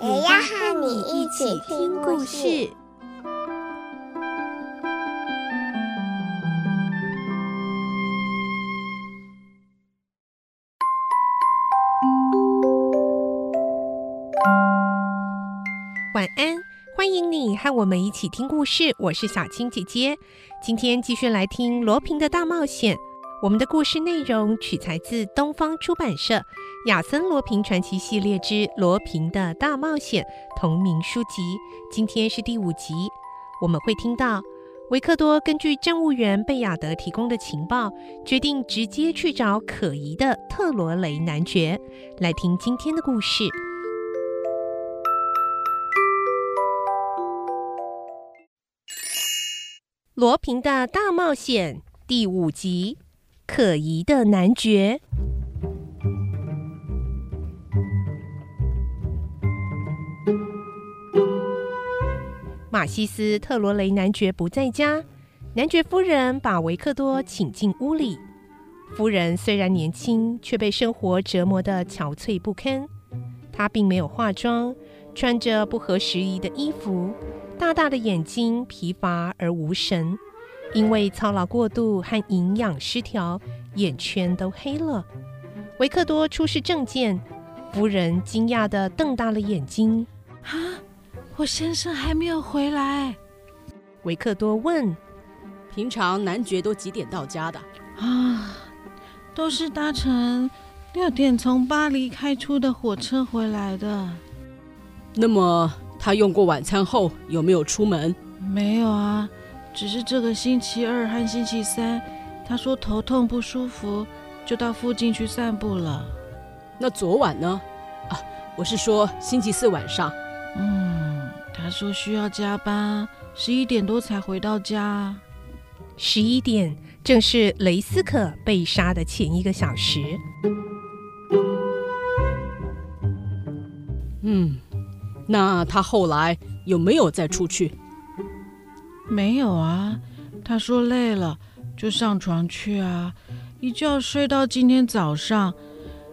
也要和你一起聽故事。故事晚安，歡迎你和我們一起聽故事。我是小青姐姐，今天繼續來聽羅蘋的大冒險。我們的故事內容取材自東方出版社《亞森·羅蘋傳奇》系列之《羅蘋的大冒險》同名書籍。今天是第五集，我們會聽到維克多根據站務員貝亞德提供的情報，決定直接去找可疑的特羅雷男爵。來聽今天的故事，《羅蘋的大冒險》第五集。可疑的男爵，馬西斯特羅雷男爵不在家。男爵夫人把維克多請進屋裡。夫人雖然年輕，卻被生活折磨得憔悴不堪。她並沒有化妝，穿着不合時宜的衣服，大大的眼睛疲乏而無神。因為操勞過度和營養失調，眼圈都黑了。維克多出示證件，夫人驚訝地瞪大了眼睛：“啊，我先生還沒有回來。”維克多問：“平常男爵都幾點到家的？”“啊，都是搭乘六點從巴黎開出的火車回來的。”“那麼他用過晚餐後有沒有出門？”“沒有啊。”只是這個星期二和星期三，他說頭痛不舒服，就到附近去散步了。那昨晚呢？啊，我是說星期四晚上。嗯，他說需要加班，十一點多才回到家。十一點，正是雷斯克被殺的前一個小時。嗯，那他後來有沒有再出去？嗯沒有啊，他說累了就上床去啊，一覺睡到今天早上。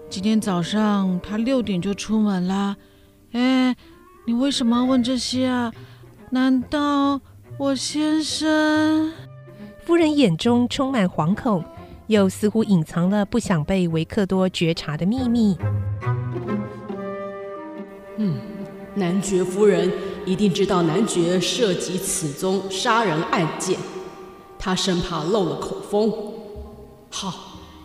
今天早上他六點就出門啦。哎，你為什麼要問這些啊？難道我先生……夫人眼中充滿惶恐，又似乎隱藏了不想被維克多覺察的秘密。嗯，男爵夫人。一定知道男爵涉及此宗殺人案件，他生怕漏了口風。好，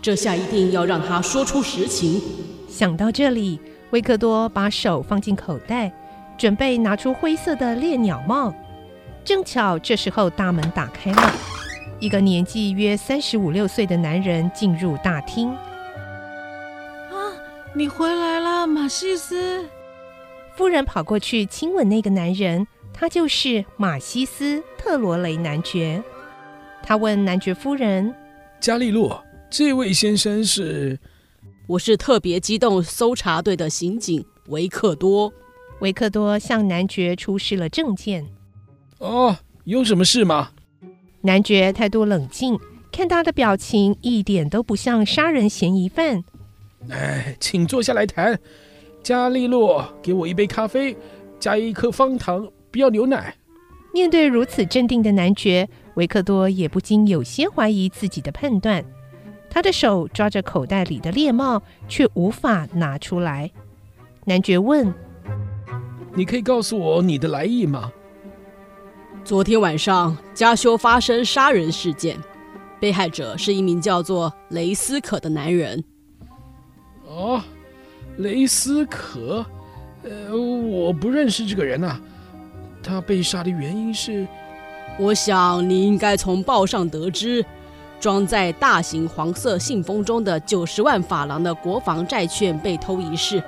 這下一定要讓他說出實情。想到這裡，維克多把手放進口袋，準備拿出灰色的獵鳥帽。正巧這時候大門打開了，一個年紀約三十五六歲的男人進入大廳。啊，你回來了，馬西斯。夫人跑過去親吻那個男人，他就是馬西斯特羅雷男爵。他問男爵夫人：“加利洛，這位先生是？”“我是特別機動搜查隊的刑警維克多。”維克多向男爵出示了證件。“哦，有什麼事嗎？”男爵態度冷靜，看他的表情一點都不像殺人嫌疑犯。“哎，請坐下來談。”加利洛，給我一杯咖啡，加一顆方糖，不要牛奶。面對如此鎮定的男爵，維克多也不禁有些懷疑自己的判斷。他的手抓着口袋裡的獵帽，卻無法拿出來。男爵問：“你可以告訴我你的來意嗎？”昨天晚上加修發生殺人事件，被害者是一名叫做雷斯可的男人。哦。雷斯可，呃，我不認識這個人吶，啊。他被殺的原因是，我想你應該從報上得知，裝在大型黃色信封中的九十萬法郎的國防債券被偷一事。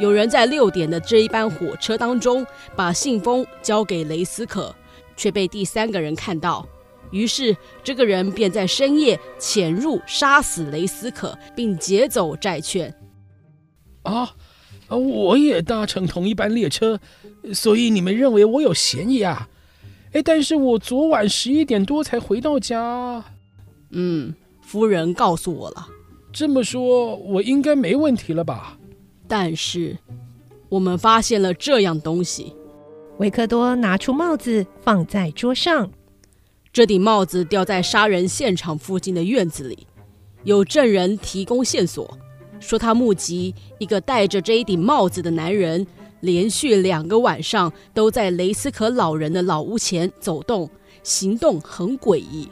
有人在六點的這一班火車當中把信封交給雷斯可，卻被第三個人看到。於是這個人便在深夜潛入，殺死雷斯可，並劫走債券。啊，我也搭乘同一班列車，所以你們認為我有嫌疑啊？哎，但是我昨晚十一點多才回到家。嗯，夫人告訴我了。這麼說，我應該沒問題了吧？但是，我們發現了這樣東西。維克多拿出帽子放在桌上。這頂帽子掉在殺人現場附近的院子裡，有證人提供線索。說他目擊一個戴着這一頂帽子的男人，連續兩個晚上都在雷斯可老人的老屋前走動，行動很詭異。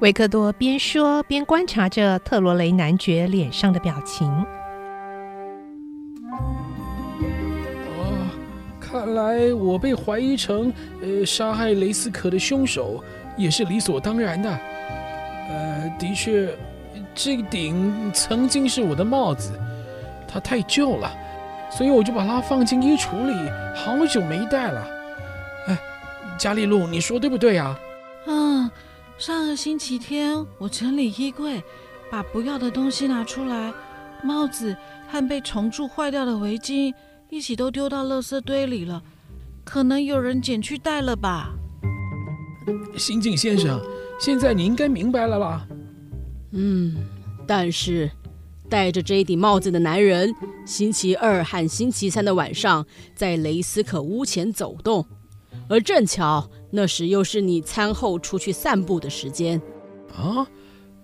維克多邊說邊觀察着特羅雷男爵臉上的表情。呃，看來我被懷疑成呃殺害雷斯可的兇手也是理所當然的。呃，的確。這頂曾經是我的帽子，它太舊了，所以我就把它放進衣櫥裡，好久沒戴了。哎，加利路，你說對不對呀、啊？嗯，上個星期天我整理衣櫃，把不要的東西拿出來，帽子和被蟲蛀壞掉的圍巾一起都丟到垃圾堆裡了，可能有人撿去戴了吧。刑警先生，嗯、現在你應該明白了啦。嗯，但是戴着這頂帽子的男人，星期二和星期三的晚上在雷斯可屋前走動，而正巧那時又是你餐後出去散步的時間。啊，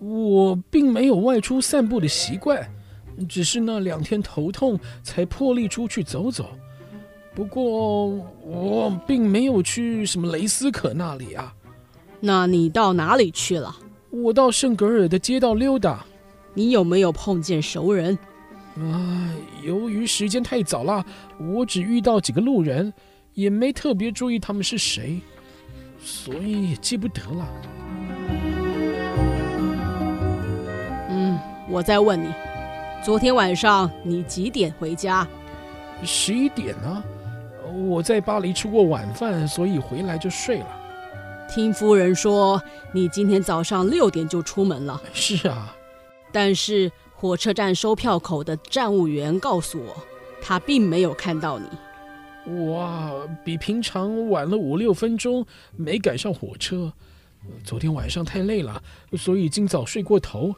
我並沒有外出散步的習慣，只是那兩天頭痛才破例出去走走。不過我並沒有去什麼雷斯可那裡啊。那你到哪裡去了？我到聖格爾的街道溜達，你有沒有碰見熟人？啊、呃，由於時間太早了，我只遇到幾個路人，也沒特別注意他們是誰，所以記不得了。嗯，我再問你，昨天晚上你幾點回家？十一點呢、啊？我在巴黎吃過晚飯，所以回來就睡了。聽夫人說，你今天早上六點就出門了。是啊，但是火車站售票口的站務員告訴我，他並沒有看到你。哇，比平常晚了五六分鐘，沒趕上火車。昨天晚上太累了，所以今早睡過頭。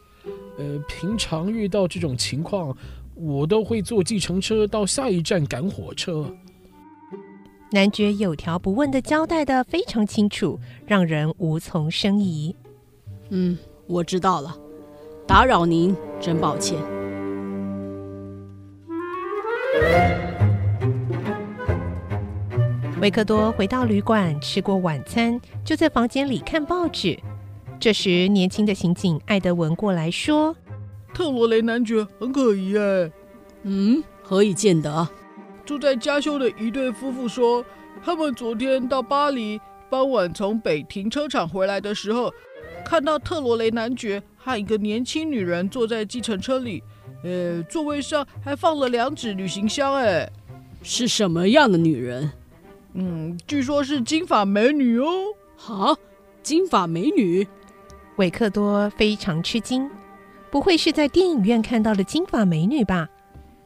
呃，平常遇到這種情況，我都會坐計程車到下一站趕火車。男爵有條不紊的交代的非常清楚，讓人無從生疑。嗯，我知道了。打擾您，真抱歉。維克多回到旅館，吃過晚餐，就在房間裡看報紙。這時，年輕的刑警艾德文過來說：“特羅雷男爵很可疑。”哎，嗯，何以見得？住在加休的一對夫婦說，他們昨天到巴黎，傍晚從北停車場回來的時候，看到特羅雷男爵和一個年輕女人坐在計程車裡，呃，座位上還放了兩隻旅行箱誒。哎，是什麼樣的女人？嗯，據說是金髮美女哦。好，金髮美女？維克多非常吃驚，不會是在電影院看到的金髮美女吧？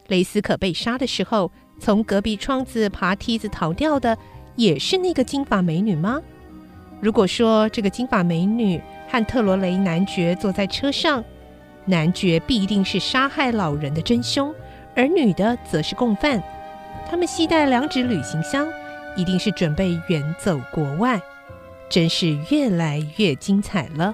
雷斯可被殺的時候。從隔壁窗子爬梯子逃掉的，也是那個金髮美女嗎？如果說這個金髮美女和特羅雷男爵坐在車上，男爵必定是殺害老人的真凶，而女的則是共犯。他們攜帶兩隻旅行箱，一定是準備遠走國外。真是越來越精彩了。